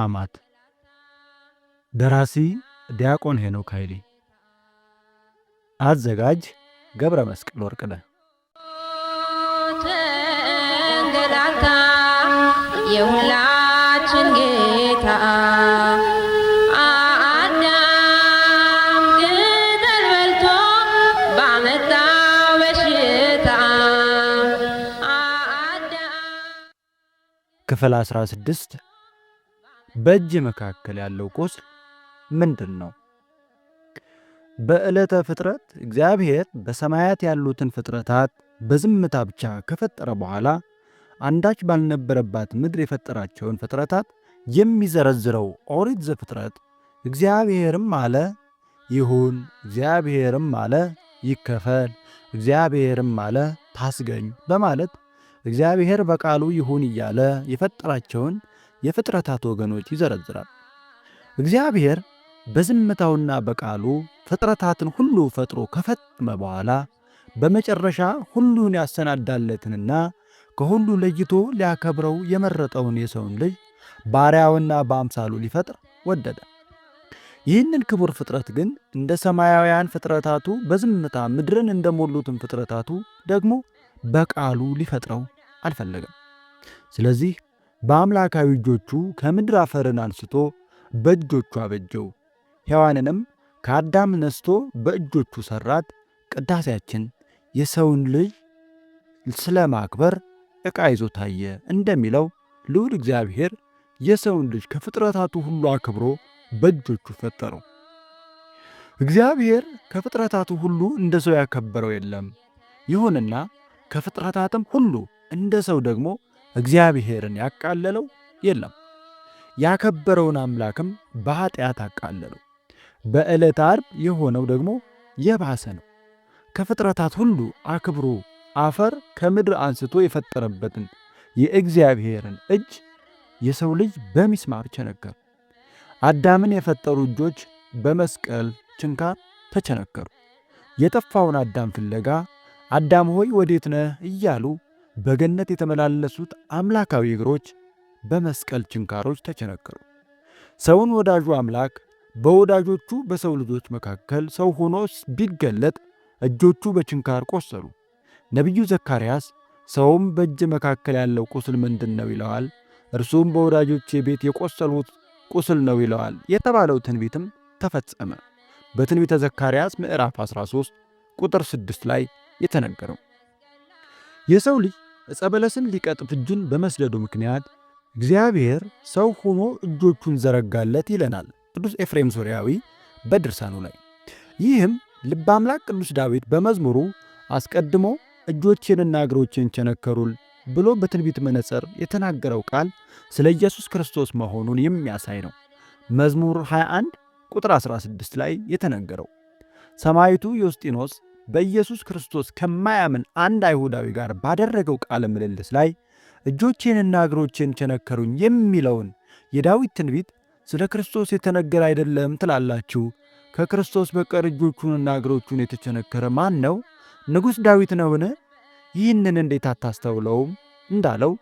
ሕማማት ደራሲ ዲያቆን ሄኖክ ኃይሌ፣ አዘጋጅ ገብረ መስቀል ወርቅነህ። ተንገላታ የሁላችን ጌታ ክፍል 16 በእጅ መካከል ያለው ቁስል ምንድን ነው? በዕለተ ፍጥረት እግዚአብሔር በሰማያት ያሉትን ፍጥረታት በዝምታ ብቻ ከፈጠረ በኋላ አንዳች ባልነበረባት ምድር የፈጠራቸውን ፍጥረታት የሚዘረዝረው ኦሪት ዘፍጥረት እግዚአብሔርም አለ ይሁን፣ እግዚአብሔርም አለ ይከፈል፣ እግዚአብሔርም አለ ታስገኝ በማለት እግዚአብሔር በቃሉ ይሁን እያለ የፈጠራቸውን የፍጥረታት ወገኖች ይዘረዝራል። እግዚአብሔር በዝምታውና በቃሉ ፍጥረታትን ሁሉ ፈጥሮ ከፈጠመ በኋላ በመጨረሻ ሁሉን ያሰናዳለትንና ከሁሉ ለይቶ ሊያከብረው የመረጠውን የሰውን ልጅ ባሪያውና በአምሳሉ ሊፈጥር ወደደ። ይህንን ክቡር ፍጥረት ግን እንደ ሰማያውያን ፍጥረታቱ በዝምታ ምድርን እንደሞሉትን ፍጥረታቱ ደግሞ በቃሉ ሊፈጥረው አልፈለገም። ስለዚህ በአምላካዊ እጆቹ ከምድር አፈርን አንስቶ በእጆቹ አበጀው። ሔዋንንም ከአዳም ነስቶ በእጆቹ ሠራት። ቅዳሴያችን የሰውን ልጅ ስለ ማክበር ዕቃ ይዞ ታየ እንደሚለው ልዑል እግዚአብሔር የሰውን ልጅ ከፍጥረታቱ ሁሉ አክብሮ በእጆቹ ፈጠረው። እግዚአብሔር ከፍጥረታቱ ሁሉ እንደ ሰው ያከበረው የለም። ይሁንና ከፍጥረታትም ሁሉ እንደ ሰው ደግሞ እግዚአብሔርን ያቃለለው የለም፣ ያከበረውን አምላክም በኃጢአት አቃለለው። በዕለተ ዓርብ የሆነው ደግሞ የባሰ ነው። ከፍጥረታት ሁሉ አክብሮ አፈር ከምድር አንስቶ የፈጠረበትን የእግዚአብሔርን እጅ የሰው ልጅ በሚስማር ቸነከሩ። አዳምን የፈጠሩ እጆች በመስቀል ችንካር ተቸነከሩ። የጠፋውን አዳም ፍለጋ አዳም ሆይ ወዴት ነህ እያሉ በገነት የተመላለሱት አምላካዊ እግሮች በመስቀል ችንካሮች ተቸነከሩ። ሰውን ወዳጁ አምላክ በወዳጆቹ በሰው ልጆች መካከል ሰው ሆኖ ቢገለጥ እጆቹ በችንካር ቆሰሉ። ነቢዩ ዘካርያስ ሰውም በእጅ መካከል ያለው ቁስል ምንድን ነው ይለዋል፣ እርሱም በወዳጆቼ ቤት የቆሰሉት ቁስል ነው ይለዋል የተባለው ትንቢትም ተፈጸመ። በትንቢተ ዘካርያስ ምዕራፍ 13 ቁጥር 6 ላይ የተነገረው የሰው ልጅ ዕፀ በለስን ሊቀጥፍ እጁን በመስደዱ ምክንያት እግዚአብሔር ሰው ሆኖ እጆቹን ዘረጋለት ይለናል ቅዱስ ኤፍሬም ሶርያዊ በድርሳኑ ላይ። ይህም ልበ አምላክ ቅዱስ ዳዊት በመዝሙሩ አስቀድሞ እጆቼንና እግሮቼን ቸነከሩል ብሎ በትንቢት መነጽር የተናገረው ቃል ስለ ኢየሱስ ክርስቶስ መሆኑን የሚያሳይ ነው። መዝሙር 21 ቁጥር 16 ላይ የተነገረው ሰማይቱ ዮስጢኖስ በኢየሱስ ክርስቶስ ከማያምን አንድ አይሁዳዊ ጋር ባደረገው ቃለ ምልልስ ላይ እጆቼንና እግሮቼን ቸነከሩኝ የሚለውን የዳዊት ትንቢት ስለ ክርስቶስ የተነገረ አይደለም ትላላችሁ። ከክርስቶስ በቀር እጆቹንና እግሮቹን የተቸነከረ ማን ነው? ንጉሥ ዳዊት ነውን? ይህንን እንዴት አታስተውለውም እንዳለው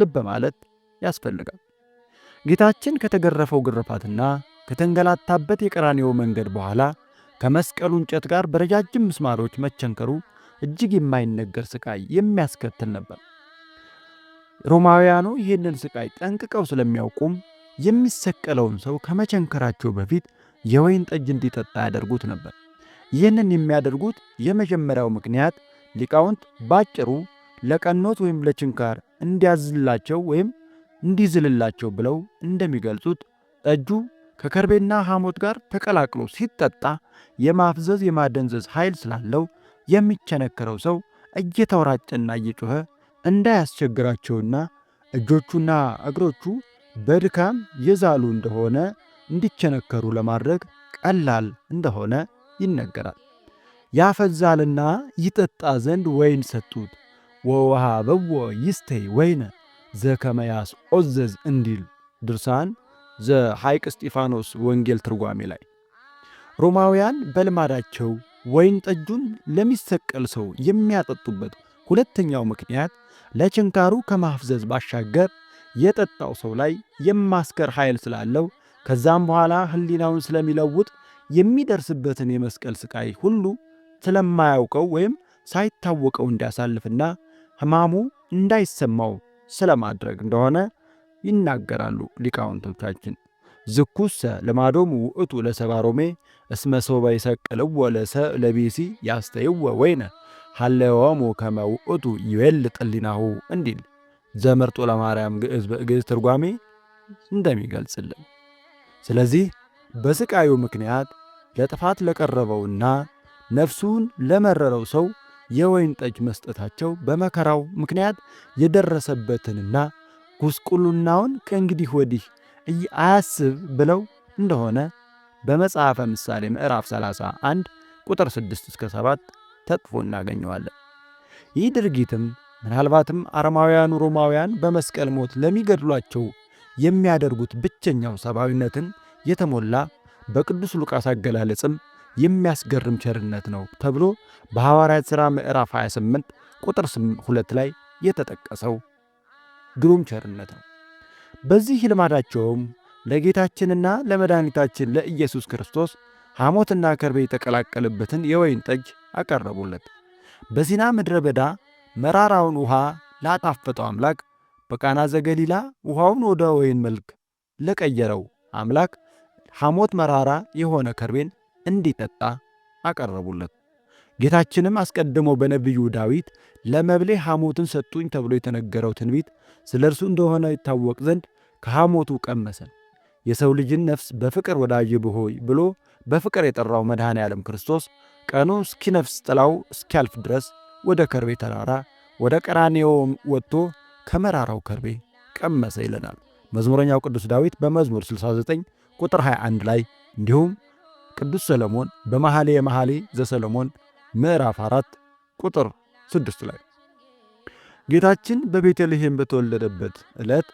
ልብ ማለት ያስፈልጋል። ጌታችን ከተገረፈው ግርፋትና ከተንገላታበት የቀራንዮ መንገድ በኋላ ከመስቀሉ እንጨት ጋር በረጃጅም ምስማሮች መቸንከሩ እጅግ የማይነገር ስቃይ የሚያስከትል ነበር። ሮማውያኑ ይህንን ስቃይ ጠንቅቀው ስለሚያውቁም የሚሰቀለውን ሰው ከመቸንከራቸው በፊት የወይን ጠጅ እንዲጠጣ ያደርጉት ነበር። ይህንን የሚያደርጉት የመጀመሪያው ምክንያት ሊቃውንት ባጭሩ ለቀኖት ወይም ለችንካር እንዲያዝላቸው ወይም እንዲዝልላቸው ብለው እንደሚገልጹት ጠጁ ከከርቤና ሐሞት ጋር ተቀላቅሎ ሲጠጣ የማፍዘዝ የማደንዘዝ ኃይል ስላለው የሚቸነከረው ሰው እየተወራጨና እየጮኸ እንዳያስቸግራቸውና እጆቹና እግሮቹ በድካም የዛሉ እንደሆነ እንዲቸነከሩ ለማድረግ ቀላል እንደሆነ ይነገራል። ያፈዛልና ይጠጣ ዘንድ ወይን ሰጡት። ወውሃ በዎ ይስተይ ወይነ ዘከመያስ ኦዘዝ እንዲል ድርሳን ዘሐይቅ እስጢፋኖስ ወንጌል ትርጓሜ ላይ ሮማውያን በልማዳቸው ወይን ጠጁን ለሚሰቀል ሰው የሚያጠጡበት ሁለተኛው ምክንያት ለችንካሩ ከማፍዘዝ ባሻገር የጠጣው ሰው ላይ የማስከር ኃይል ስላለው ከዛም በኋላ ሕሊናውን ስለሚለውጥ የሚደርስበትን የመስቀል ሥቃይ ሁሉ ስለማያውቀው ወይም ሳይታወቀው እንዲያሳልፍና ሕማሙ እንዳይሰማው ስለማድረግ እንደሆነ ይናገራሉ ሊቃውንቶቻችን። ዝኩሰ ለማዶም ውእቱ ለሰባሮሜ እስመ ሶበ ይሰቅልዎ ለቢሲ ያስተይወ ወይነ ሀለወሙ ከመ ውእቱ ይበልጥ እንዲል ዘመርጦ ለማርያም ግዕዝ ትርጓሜ እንደሚገልጽልን። ስለዚህ በስቃዩ ምክንያት ለጥፋት ለቀረበውና ነፍሱን ለመረረው ሰው የወይን ጠጅ መስጠታቸው በመከራው ምክንያት የደረሰበትንና ጉስቁሉናውን ከእንግዲህ ወዲህ አያስብ ብለው እንደሆነ በመጽሐፈ ምሳሌ ምዕራፍ 31 ቁጥር 6 እስከ 7 ተጥፎ እናገኘዋለን። ይህ ድርጊትም ምናልባትም አረማውያኑ ሮማውያን በመስቀል ሞት ለሚገድሏቸው የሚያደርጉት ብቸኛው ሰብአዊነትን የተሞላ በቅዱስ ሉቃስ አገላለጽም የሚያስገርም ቸርነት ነው ተብሎ በሐዋርያት ሥራ ምዕራፍ 28 ቁጥር 2 ላይ የተጠቀሰው ግሩም ቸርነት ነው። በዚህ ልማዳቸውም ለጌታችንና ለመድኃኒታችን ለኢየሱስ ክርስቶስ ሐሞትና ከርቤ የተቀላቀለበትን የወይን ጠጅ አቀረቡለት። በሲና ምድረ በዳ መራራውን ውሃ ላጣፈጠው አምላክ በቃና ዘገሊላ ውሃውን ወደ ወይን መልክ ለቀየረው አምላክ ሐሞት መራራ የሆነ ከርቤን እንዲጠጣ አቀረቡለት። ጌታችንም አስቀድሞ በነቢዩ ዳዊት ለመብሌ ሐሞትን ሰጡኝ ተብሎ የተነገረው ትንቢት ስለ እርሱ እንደሆነ ይታወቅ ዘንድ ከሐሞቱ ቀመሰ። የሰው ልጅን ነፍስ በፍቅር ወዳጅ ብሆይ ብሎ በፍቅር የጠራው መድኃኔ ዓለም ክርስቶስ ቀኑ እስኪነፍስ ጥላው እስኪያልፍ ድረስ ወደ ከርቤ ተራራ ወደ ቀራኔዮም ወጥቶ ከመራራው ከርቤ ቀመሰ ይለናል መዝሙረኛው ቅዱስ ዳዊት በመዝሙር 69 ቁጥር 21 ላይ እንዲሁም ቅዱስ ሰለሞን በመሐሌ የመሐሌ ዘሰለሞን ምዕራፍ 4 ቁጥር 6 ላይ ጌታችን በቤተልሔም በተወለደበት ዕለት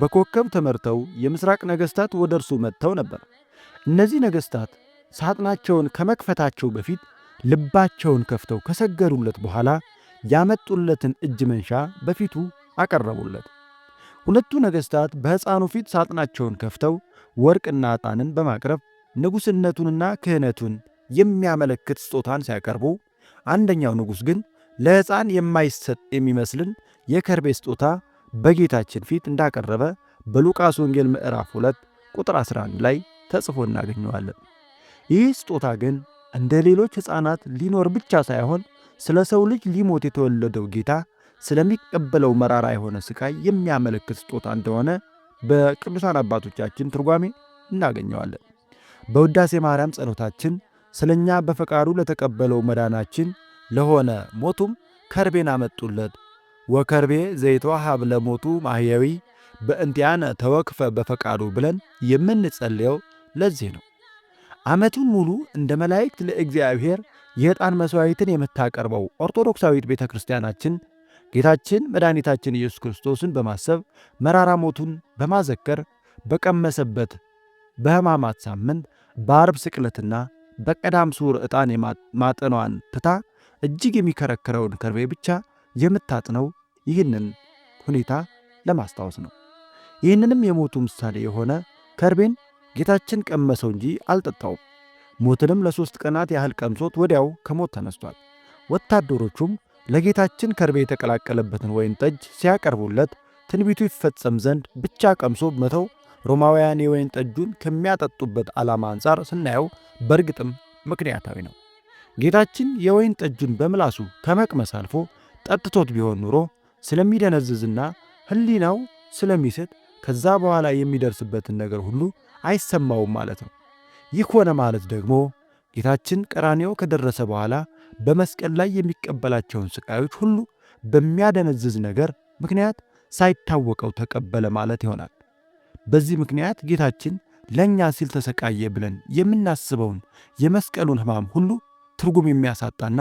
በኮከብ ተመርተው የምሥራቅ ነገሥታት ወደ እርሱ መጥተው ነበር። እነዚህ ነገሥታት ሳጥናቸውን ከመክፈታቸው በፊት ልባቸውን ከፍተው ከሰገዱለት በኋላ ያመጡለትን እጅ መንሻ በፊቱ አቀረቡለት። ሁለቱ ነገሥታት በሕፃኑ ፊት ሳጥናቸውን ከፍተው ወርቅና ዕጣንን በማቅረብ ንጉሥነቱንና ክህነቱን የሚያመለክት ስጦታን ሲያቀርቡ፣ አንደኛው ንጉሥ ግን ለሕፃን የማይሰጥ የሚመስልን የከርቤ ስጦታ በጌታችን ፊት እንዳቀረበ በሉቃስ ወንጌል ምዕራፍ 2 ቁጥር 11 ላይ ተጽፎ እናገኘዋለን። ይህ ስጦታ ግን እንደ ሌሎች ሕፃናት ሊኖር ብቻ ሳይሆን ስለ ሰው ልጅ ሊሞት የተወለደው ጌታ ስለሚቀበለው መራራ የሆነ ስቃይ የሚያመለክት ስጦታ እንደሆነ በቅዱሳን አባቶቻችን ትርጓሜ እናገኘዋለን። በውዳሴ ማርያም ጸሎታችን ስለ እኛ በፈቃዱ ለተቀበለው መዳናችን ለሆነ ሞቱም ከርቤን አመጡለት። ወከርቤ ዘይቶ ሀብለ ለሞቱ ማህያዊ በእንቲአነ ተወክፈ በፈቃዱ ብለን የምንጸልየው ለዚህ ነው። ዓመቱን ሙሉ እንደ መላእክት ለእግዚአብሔር የዕጣን መሥዋዕትን የምታቀርበው ኦርቶዶክሳዊት ቤተ ክርስቲያናችን ጌታችን መድኃኒታችን ኢየሱስ ክርስቶስን በማሰብ መራራ ሞቱን በማዘከር በቀመሰበት በሕማማት ሳምንት በአርብ ስቅለትና በቀዳም ሱር ዕጣን ማጠኗን ትታ እጅግ የሚከረክረውን ከርቤ ብቻ የምታጥነው ይህንን ሁኔታ ለማስታወስ ነው። ይህንንም የሞቱ ምሳሌ የሆነ ከርቤን ጌታችን ቀመሰው እንጂ አልጠጣውም። ሞትንም ለሦስት ቀናት ያህል ቀምሶት ወዲያው ከሞት ተነስቷል። ወታደሮቹም ለጌታችን ከርቤ የተቀላቀለበትን ወይን ጠጅ ሲያቀርቡለት ትንቢቱ ይፈጸም ዘንድ ብቻ ቀምሶ መተው ሮማውያን የወይን ጠጁን ከሚያጠጡበት ዓላማ አንጻር ስናየው በእርግጥም ምክንያታዊ ነው። ጌታችን የወይን ጠጁን በምላሱ ከመቅመስ አልፎ ጠጥቶት ቢሆን ኑሮ ስለሚደነዝዝና ሕሊናው ስለሚስት ከዛ በኋላ የሚደርስበትን ነገር ሁሉ አይሰማውም ማለት ነው። ይህ ሆነ ማለት ደግሞ ጌታችን ቀራኔው ከደረሰ በኋላ በመስቀል ላይ የሚቀበላቸውን ስቃዮች ሁሉ በሚያደነዝዝ ነገር ምክንያት ሳይታወቀው ተቀበለ ማለት ይሆናል። በዚህ ምክንያት ጌታችን ለእኛ ሲል ተሰቃየ ብለን የምናስበውን የመስቀሉን ሕማም ሁሉ ትርጉም የሚያሳጣና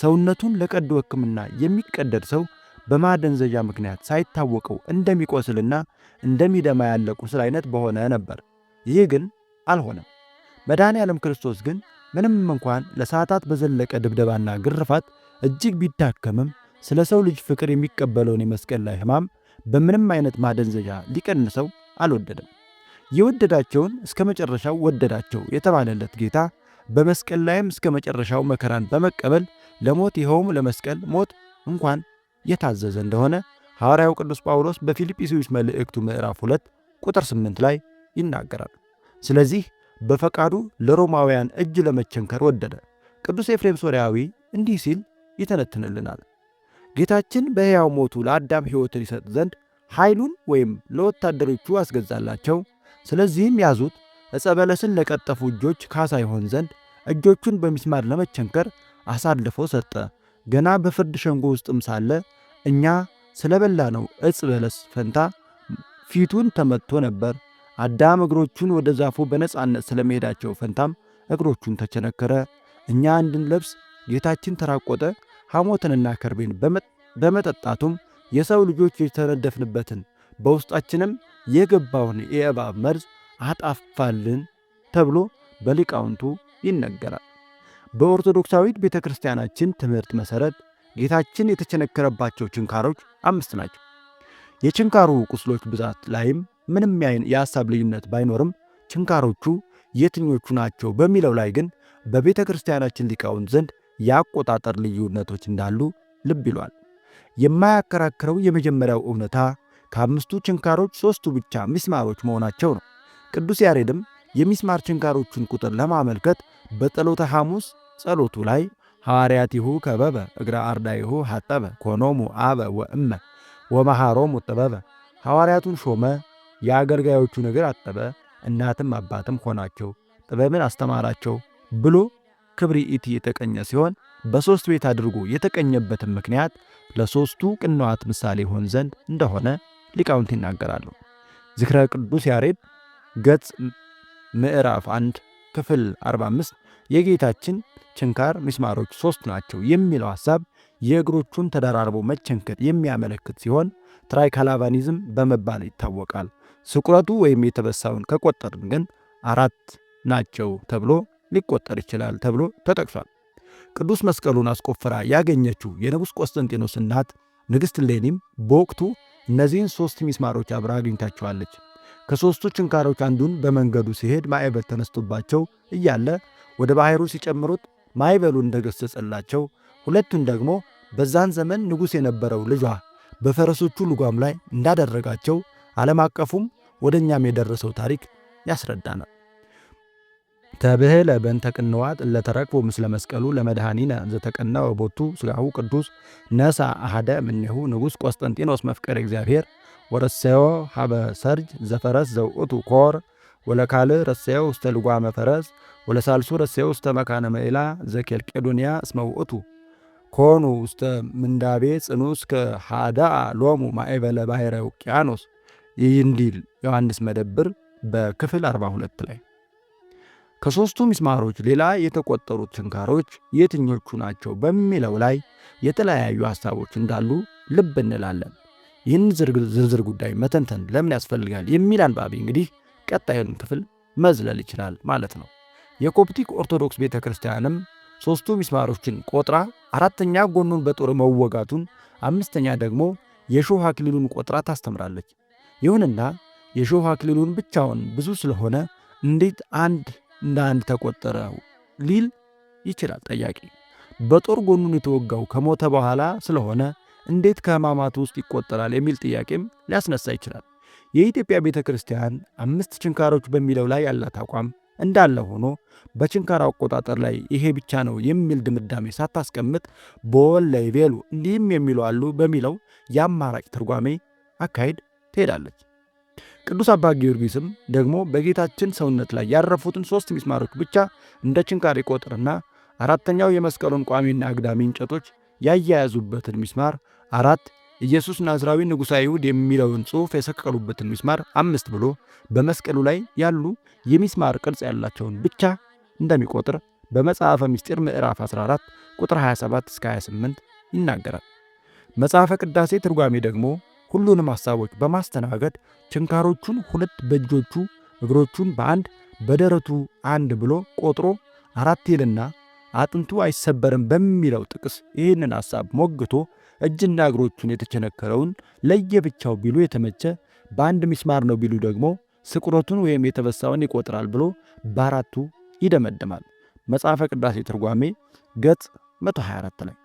ሰውነቱን ለቀዶ ሕክምና የሚቀደድ ሰው በማደንዘዣ ምክንያት ሳይታወቀው እንደሚቆስልና እንደሚደማ ያለ ቁስል አይነት በሆነ ነበር። ይህ ግን አልሆነም። መድኃኔ ዓለም ክርስቶስ ግን ምንም እንኳን ለሰዓታት በዘለቀ ድብደባና ግርፋት እጅግ ቢዳከምም ስለ ሰው ልጅ ፍቅር የሚቀበለውን የመስቀል ላይ ሕማም በምንም አይነት ማደንዘዣ ሊቀንሰው አልወደደም። የወደዳቸውን እስከ መጨረሻው ወደዳቸው የተባለለት ጌታ በመስቀል ላይም እስከ መጨረሻው መከራን በመቀበል ለሞት ይኸውም ለመስቀል ሞት እንኳን የታዘዘ እንደሆነ ሐዋርያው ቅዱስ ጳውሎስ በፊልጵስዩስ መልእክቱ ምዕራፍ 2 ቁጥር 8 ላይ ይናገራል። ስለዚህ በፈቃዱ ለሮማውያን እጅ ለመቸንከር ወደደ። ቅዱስ ኤፍሬም ሶርያዊ እንዲህ ሲል ይተነትንልናል። ጌታችን በሕያው ሞቱ ለአዳም ሕይወትን ይሰጥ ዘንድ ኃይሉን ወይም ለወታደሮቹ አስገዛላቸው። ስለዚህም ያዙት። ዕፀ በለስን ለቀጠፉ እጆች ካሳ ይሆን ዘንድ እጆቹን በሚስማር ለመቸንከር አሳልፎ ሰጠ። ገና በፍርድ ሸንጎ ውስጥም ሳለ እኛ ስለበላ ነው ዕፀ በለስ ፈንታ ፊቱን ተመትቶ ነበር። አዳም እግሮቹን ወደ ዛፉ በነፃነት ስለመሄዳቸው ፈንታም እግሮቹን ተቸነከረ። እኛ እንድንለብስ ጌታችን ተራቆጠ ሐሞትንና ከርቤን በመጠጣቱም የሰው ልጆች የተነደፍንበትን በውስጣችንም የገባውን የእባብ መርዝ አጣፋልን ተብሎ በሊቃውንቱ ይነገራል። በኦርቶዶክሳዊት ቤተ ክርስቲያናችን ትምህርት መሠረት ጌታችን የተቸነከረባቸው ችንካሮች አምስት ናቸው። የችንካሩ ቁስሎች ብዛት ላይም ምንም የሐሳብ ልዩነት ባይኖርም ችንካሮቹ የትኞቹ ናቸው በሚለው ላይ ግን በቤተ ክርስቲያናችን ሊቃውንት ዘንድ የአቆጣጠር ልዩነቶች እንዳሉ ልብ ይሏል። የማያከራክረው የመጀመሪያው እውነታ ከአምስቱ ችንካሮች ሦስቱ ብቻ ሚስማሮች መሆናቸው ነው። ቅዱስ ያሬድም የሚስማር ችንካሮቹን ቁጥር ለማመልከት በጸሎተ ሐሙስ ጸሎቱ ላይ ሐዋርያቲሁ ከበበ እግረ አርዳይሁ ሐጠበ ኮኖሙ አበ ወእመ ወመሃሮሙ ጥበበ ሐዋርያቱን ሾመ፣ የአገልጋዮቹን እግር አጠበ፣ እናትም አባትም ሆናቸው፣ ጥበብን አስተማራቸው ብሎ ክብሪ ኢቲ የተቀኘ ሲሆን በሦስት ቤት አድርጎ የተቀኘበትም ምክንያት ለሦስቱ ቅንዋት ምሳሌ ይሆን ዘንድ እንደሆነ ሊቃውንት ይናገራሉ። ዝክረ ቅዱስ ያሬድ ገጽ ምዕራፍ 1 ክፍል 45 የጌታችን ችንካር ምስማሮች ሦስት ናቸው የሚለው ሐሳብ የእግሮቹን ተደራርቦ መቸንከር የሚያመለክት ሲሆን ትራይካላቫኒዝም በመባል ይታወቃል። ስቁረቱ ወይም የተበሳውን ከቆጠርን ግን አራት ናቸው ተብሎ ሊቆጠር ይችላል ተብሎ ተጠቅሷል። ቅዱስ መስቀሉን አስቆፍራ ያገኘችው የንጉሥ ቆስጠንጢኖስ እናት ንግሥት ሌኒም በወቅቱ እነዚህን ሦስት ሚስማሮች አብራ አግኝታቸዋለች። ከሦስቱ ችንካሮች አንዱን በመንገዱ ሲሄድ ማዕበል ተነስቶባቸው እያለ ወደ ባሕሩ ሲጨምሩት ማዕበሉ እንደገሰጸላቸው፣ ሁለቱን ደግሞ በዛን ዘመን ንጉሥ የነበረው ልጇ በፈረሶቹ ልጓም ላይ እንዳደረጋቸው ዓለም አቀፉም ወደ እኛም የደረሰው ታሪክ ያስረዳናል። ተብህለ በእንተ ቅንዋት ለተረክቦ ምስለ መስቀሉ ለመድኃኒነ ዘተቀነወ ቦቱ ስጋሁ ቅዱስ ነሳ አሐደ እምኔሁ ንጉሥ ቆስጠንጢኖስ መፍቀሬ እግዚአብሔር ወረሰዮ ሀበ ሰርጅ ዘፈረስ ዘውእቱ ኮር ወለካልዕ ረሰዮ ውስተ ልጓመ ፈረስ ወለሳልሱ ረሰዮ ውስተ መካነ መኢላ ዘኬልቄዶንያ እስመ ውእቱ ኮኑ ውስተ ምንዳቤ ጽኑ እስከ ሃዳአ ሎሙ ማእበለ ባሕረ ውቅያኖስ ይህ እንዲል ዮሐንስ መደብር በክፍል 42 ላይ ከሦስቱ ምስማሮች ሌላ የተቆጠሩት ችንካሮች የትኞቹ ናቸው በሚለው ላይ የተለያዩ ሐሳቦች እንዳሉ ልብ እንላለን። ይህን ዝርዝር ጉዳይ መተንተን ለምን ያስፈልጋል የሚል አንባቢ እንግዲህ ቀጣዩን ክፍል መዝለል ይችላል ማለት ነው። የኮፕቲክ ኦርቶዶክስ ቤተ ክርስቲያንም ሦስቱ ምስማሮችን ቆጥራ አራተኛ ጎኑን በጦር መወጋቱን፣ አምስተኛ ደግሞ የሾህ አክሊሉን ቆጥራ ታስተምራለች። ይሁንና የሾህ አክሊሉን ብቻውን ብዙ ስለሆነ እንዴት አንድ እንደ አንድ ተቆጠረው ሊል ይችላል ጠያቂ። በጦር ጎኑን የተወጋው ከሞተ በኋላ ስለሆነ እንዴት ከህማማት ውስጥ ይቆጠራል የሚል ጥያቄም ሊያስነሳ ይችላል። የኢትዮጵያ ቤተ ክርስቲያን አምስት ችንካሮች በሚለው ላይ ያላት አቋም እንዳለ ሆኖ በችንካር አቆጣጠር ላይ ይሄ ብቻ ነው የሚል ድምዳሜ ሳታስቀምጥ በወል ላይ ቤሉ እንዲህም የሚሉ አሉ በሚለው የአማራጭ ትርጓሜ አካሄድ ትሄዳለች። ቅዱስ አባ ጊዮርጊስም ደግሞ በጌታችን ሰውነት ላይ ያረፉትን ሦስት ሚስማሮች ብቻ እንደ ችንካር ይቆጥርና አራተኛው የመስቀሉን ቋሚና አግዳሚ እንጨቶች ያያያዙበትን ሚስማር አራት ኢየሱስ ናዝራዊ ንጉሥ አይሁድ የሚለውን ጽሑፍ የሰቀሉበትን ሚስማር አምስት ብሎ በመስቀሉ ላይ ያሉ የሚስማር ቅርጽ ያላቸውን ብቻ እንደሚቆጥር በመጽሐፈ ምስጢር ምዕራፍ 14 ቁጥር 27 እስከ 28 ይናገራል። መጽሐፈ ቅዳሴ ትርጓሜ ደግሞ ሁሉንም ሐሳቦች በማስተናገድ ችንካሮቹን ሁለት በእጆቹ እግሮቹን በአንድ በደረቱ አንድ ብሎ ቆጥሮ አራት ይልና አጥንቱ አይሰበርም በሚለው ጥቅስ ይህንን ሐሳብ ሞግቶ እጅና እግሮቹን የተቸነከረውን ለየብቻው ቢሉ የተመቸ በአንድ ሚስማር ነው ቢሉ ደግሞ ስቁረቱን ወይም የተበሳውን ይቆጥራል ብሎ በአራቱ ይደመድማል። መጽሐፈ ቅዳሴ ትርጓሜ ገጽ 124 ላይ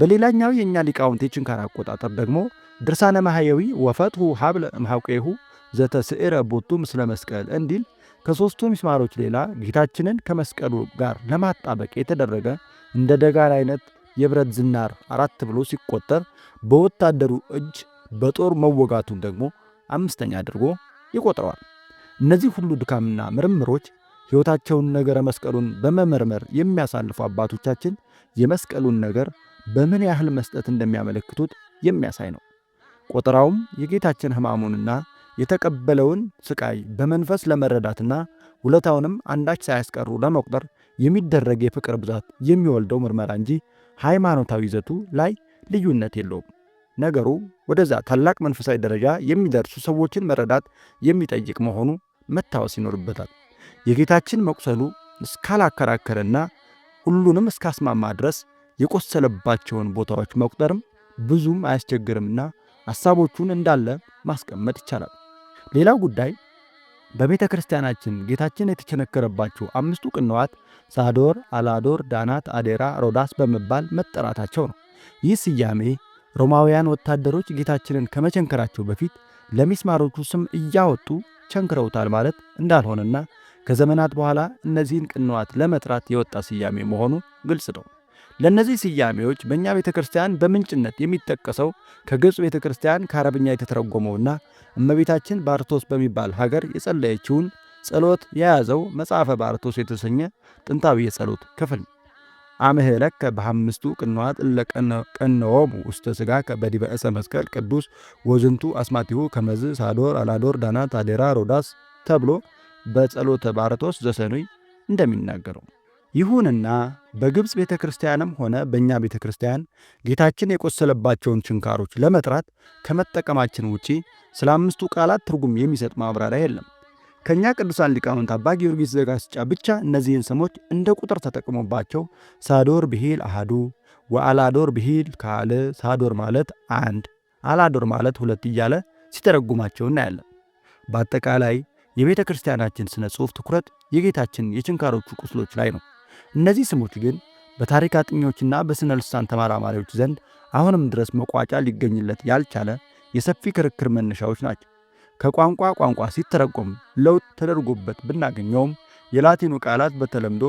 በሌላኛው የእኛ ሊቃውንት የችንካር አቆጣጠር ደግሞ ድርሳነ ማህየዊ ወፈትሁ ሀብለ ዘተ ስዕረ ቦቱ ምስለ መስቀል እንዲል ከሦስቱ ምስማሮች ሌላ ጌታችንን ከመስቀሉ ጋር ለማጣበቅ የተደረገ እንደ ደጋን አይነት የብረት ዝናር አራት ብሎ ሲቆጠር በወታደሩ እጅ በጦር መወጋቱን ደግሞ አምስተኛ አድርጎ ይቆጥረዋል። እነዚህ ሁሉ ድካምና ምርምሮች ሕይወታቸውን ነገረ መስቀሉን በመመርመር የሚያሳልፉ አባቶቻችን የመስቀሉን ነገር በምን ያህል መስጠት እንደሚያመለክቱት የሚያሳይ ነው። ቆጠራውም የጌታችን ሕማሙንና የተቀበለውን ስቃይ በመንፈስ ለመረዳትና ውለታውንም አንዳች ሳያስቀሩ ለመቁጠር የሚደረግ የፍቅር ብዛት የሚወልደው ምርመራ እንጂ ሃይማኖታዊ ይዘቱ ላይ ልዩነት የለውም። ነገሩ ወደዛ ታላቅ መንፈሳዊ ደረጃ የሚደርሱ ሰዎችን መረዳት የሚጠይቅ መሆኑ መታወስ ይኖርበታል። የጌታችን መቁሰሉ እስካላከራከረና ሁሉንም እስካስማማ ድረስ የቆሰለባቸውን ቦታዎች መቁጠርም ብዙም አያስቸግርምና ሐሳቦቹን እንዳለ ማስቀመጥ ይቻላል። ሌላው ጉዳይ በቤተ ክርስቲያናችን ጌታችን የተቸነከረባቸው አምስቱ ቅንዋት ሳዶር፣ አላዶር፣ ዳናት፣ አዴራ፣ ሮዳስ በመባል መጠራታቸው ነው። ይህ ስያሜ ሮማውያን ወታደሮች ጌታችንን ከመቸንከራቸው በፊት ለሚስማሮቹ ስም እያወጡ ቸንክረውታል ማለት እንዳልሆነና ከዘመናት በኋላ እነዚህን ቅንዋት ለመጥራት የወጣ ስያሜ መሆኑ ግልጽ ነው። ለእነዚህ ስያሜዎች በእኛ ቤተ ክርስቲያን በምንጭነት የሚጠቀሰው ከግብፅ ቤተ ክርስቲያን ከአረብኛ የተተረጎመውና እመቤታችን ባርቶስ በሚባል ሀገር የጸለየችውን ጸሎት የያዘው መጽሐፈ ባርቶስ የተሰኘ ጥንታዊ የጸሎት ክፍል አምህለከ በአምስቱ ቅንዋት እለቀነዎሙ ውስተ ሥጋከ በዲበ ዕፀ መስቀል ቅዱስ ወዝንቱ አስማቲሁ ከመዝ ሳዶር አላዶር ዳናት አዴራ ሮዳስ ተብሎ በጸሎተ ባርቶስ ዘሰኑይ እንደሚናገረው ይሁንና በግብፅ ቤተ ክርስቲያንም ሆነ በእኛ ቤተ ክርስቲያን ጌታችን የቆሰለባቸውን ችንካሮች ለመጥራት ከመጠቀማችን ውጪ ስለ አምስቱ ቃላት ትርጉም የሚሰጥ ማብራሪያ የለም። ከእኛ ቅዱሳን ሊቃውንት አባ ጊዮርጊስ ዘጋስጫ ብቻ እነዚህን ስሞች እንደ ቁጥር ተጠቅሞባቸው ሳዶር ብሂል አሃዱ ወአላዶር ብሂል ካለ ሳዶር ማለት አንድ፣ አላዶር ማለት ሁለት እያለ ሲተረጉማቸው እናያለን። በአጠቃላይ የቤተ ክርስቲያናችን ሥነ ጽሑፍ ትኩረት የጌታችን የችንካሮቹ ቁስሎች ላይ ነው። እነዚህ ስሞች ግን በታሪክ አጥኚዎችና በሥነ ልሳን ተመራማሪዎች ዘንድ አሁንም ድረስ መቋጫ ሊገኝለት ያልቻለ የሰፊ ክርክር መነሻዎች ናቸው። ከቋንቋ ቋንቋ ሲተረጎም ለውጥ ተደርጎበት ብናገኘውም የላቲኑ ቃላት በተለምዶ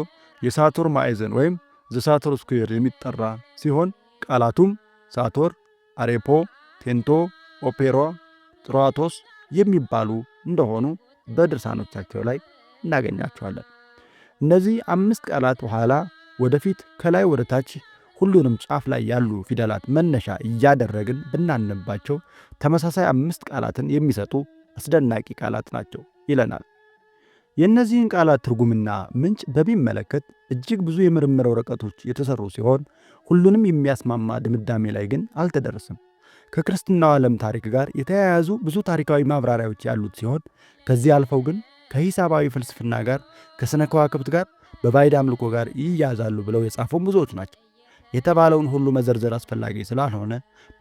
የሳቶር ማዕዘን ወይም ዘሳቶር ስኩዌር የሚጠራ ሲሆን ቃላቱም ሳቶር፣ አሬፖ፣ ቴንቶ፣ ኦፔሮ፣ ጥሯቶስ የሚባሉ እንደሆኑ በድርሳኖቻቸው ላይ እናገኛቸዋለን። እነዚህ አምስት ቃላት በኋላ ወደፊት ከላይ ወደ ታች ሁሉንም ጫፍ ላይ ያሉ ፊደላት መነሻ እያደረግን ብናነባቸው ተመሳሳይ አምስት ቃላትን የሚሰጡ አስደናቂ ቃላት ናቸው ይለናል። የእነዚህን ቃላት ትርጉምና ምንጭ በሚመለከት እጅግ ብዙ የምርምር ወረቀቶች የተሰሩ ሲሆን ሁሉንም የሚያስማማ ድምዳሜ ላይ ግን አልተደረስም። ከክርስትናው ዓለም ታሪክ ጋር የተያያዙ ብዙ ታሪካዊ ማብራሪያዎች ያሉት ሲሆን ከዚህ አልፈው ግን ከሂሳባዊ ፍልስፍና ጋር፣ ከሥነ ከዋክብት ጋር፣ በባዕድ አምልኮ ጋር ይያዛሉ ብለው የጻፉ ብዙዎች ናቸው። የተባለውን ሁሉ መዘርዘር አስፈላጊ ስላልሆነ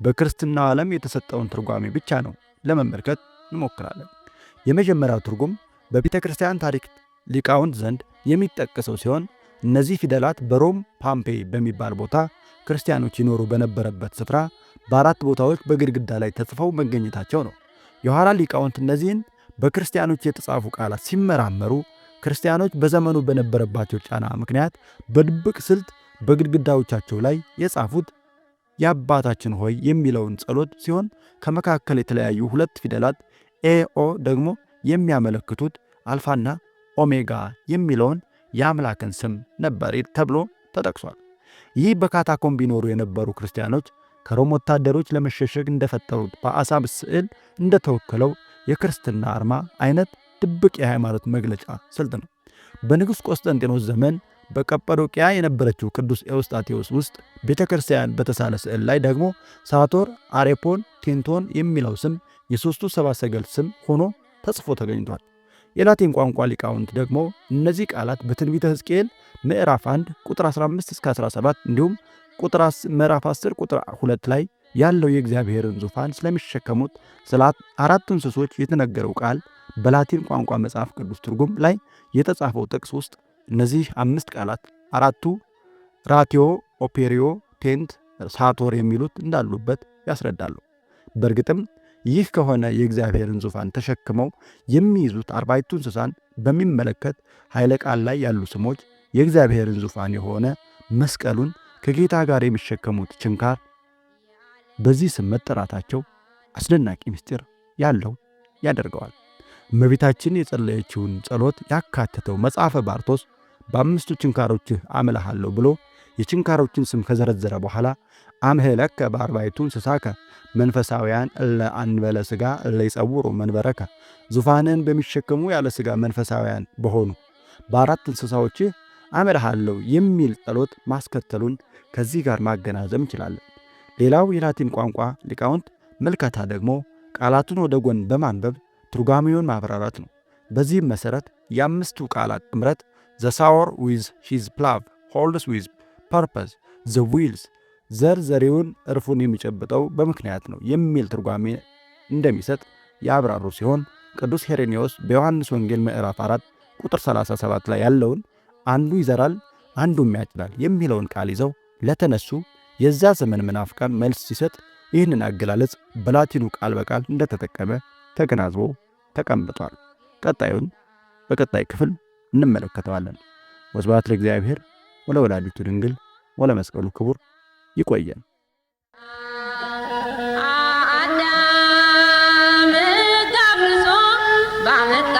በክርስትናው ዓለም የተሰጠውን ትርጓሜ ብቻ ነው ለመመልከት እንሞክራለን። የመጀመሪያው ትርጉም በቤተ ክርስቲያን ታሪክ ሊቃውንት ዘንድ የሚጠቀሰው ሲሆን እነዚህ ፊደላት በሮም ፓምፔይ በሚባል ቦታ ክርስቲያኖች ይኖሩ በነበረበት ስፍራ በአራት ቦታዎች በግድግዳ ላይ ተጽፈው መገኘታቸው ነው። የኋላ ሊቃውንት እነዚህን በክርስቲያኖች የተጻፉ ቃላት ሲመራመሩ ክርስቲያኖች በዘመኑ በነበረባቸው ጫና ምክንያት በድብቅ ስልት በግድግዳዎቻቸው ላይ የጻፉት የአባታችን ሆይ የሚለውን ጸሎት ሲሆን ከመካከል የተለያዩ ሁለት ፊደላት ኤኦ ደግሞ የሚያመለክቱት አልፋና ኦሜጋ የሚለውን የአምላክን ስም ነበር ተብሎ ተጠቅሷል። ይህ በካታኮም ቢኖሩ የነበሩ ክርስቲያኖች ከሮም ወታደሮች ለመሸሸግ እንደፈጠሩት በአሳብ ስዕል እንደተወከለው የክርስትና አርማ አይነት ድብቅ የሃይማኖት መግለጫ ስልት ነው። በንጉሥ ቆስጠንጤኖስ ዘመን በቀጳዶቅያ የነበረችው ቅዱስ ኤውስጣቴዎስ ውስጥ ቤተ ክርስቲያን በተሳለ ስዕል ላይ ደግሞ ሳቶር፣ አሬፖን፣ ቴንቶን የሚለው ስም የሦስቱ ሰባ ሰገል ስም ሆኖ ተጽፎ ተገኝቷል። የላቲን ቋንቋ ሊቃውንት ደግሞ እነዚህ ቃላት በትንቢተ ሕዝቅኤል ምዕራፍ 1 ቁጥር 15 እስከ 17 እንዲሁም ቁጥር ምዕራፍ 10 ቁጥር 2 ላይ ያለው የእግዚአብሔርን ዙፋን ስለሚሸከሙት ስለ አራት እንስሶች የተነገረው ቃል በላቲን ቋንቋ መጽሐፍ ቅዱስ ትርጉም ላይ የተጻፈው ጥቅስ ውስጥ እነዚህ አምስት ቃላት አራቱ ራቲዮ፣ ኦፔሪዮ፣ ቴንት፣ ሳቶር የሚሉት እንዳሉበት ያስረዳሉ። በእርግጥም ይህ ከሆነ የእግዚአብሔርን ዙፋን ተሸክመው የሚይዙት አርባይቱ እንስሳን በሚመለከት ኃይለ ቃል ላይ ያሉ ስሞች የእግዚአብሔርን ዙፋን የሆነ መስቀሉን ከጌታ ጋር የሚሸከሙት ችንካር በዚህ ስም መጠራታቸው አስደናቂ ምስጢር ያለው ያደርገዋል። እመቤታችን የጸለየችውን ጸሎት ያካተተው መጽሐፈ ባርቶስ በአምስቱ ችንካሮችህ አምልሃለሁ ብሎ የችንካሮችን ስም ከዘረዘረ በኋላ አምህለከ በአርባይቱ እንስሳከ መንፈሳውያን ለአንበለ ሥጋ ለይጸውሩ መንበረከ፣ ዙፋንህን በሚሸከሙ ያለ ሥጋ መንፈሳውያን በሆኑ በአራት እንስሳዎችህ አምልሃለሁ የሚል ጸሎት ማስከተሉን ከዚህ ጋር ማገናዘብ እንችላለን። ሌላው የላቲን ቋንቋ ሊቃውንት ምልከታ ደግሞ ቃላቱን ወደ ጎን በማንበብ ትርጓሜውን ማብራራት ነው። በዚህም መሠረት የአምስቱ ቃላት ጥምረት ዘ ሳወር ዊዝ ሂዝ ፕላቭ ሆልድስ ዊዝ ፐርፐስ ዘ ዊልስ ዘርዘሪውን እርፉን የሚጨብጠው በምክንያት ነው የሚል ትርጓሜ እንደሚሰጥ ያብራሩ ሲሆን ቅዱስ ሄሬኔዎስ በዮሐንስ ወንጌል ምዕራፍ 4 ቁጥር 37 ላይ ያለውን አንዱ ይዘራል አንዱም ያጭዳል የሚለውን ቃል ይዘው ለተነሱ የዚያ ዘመን መናፍቃን መልስ ሲሰጥ ይህንን አገላለጽ በላቲኑ ቃል በቃል እንደተጠቀመ ተገናዝቦ ተቀምጧል። ቀጣዩን በቀጣይ ክፍል እንመለከተዋለን። ወስብሐት ለእግዚአብሔር ወለወላዲቱ ድንግል ወለመስቀሉ ክቡር። ይቆየን። አዳም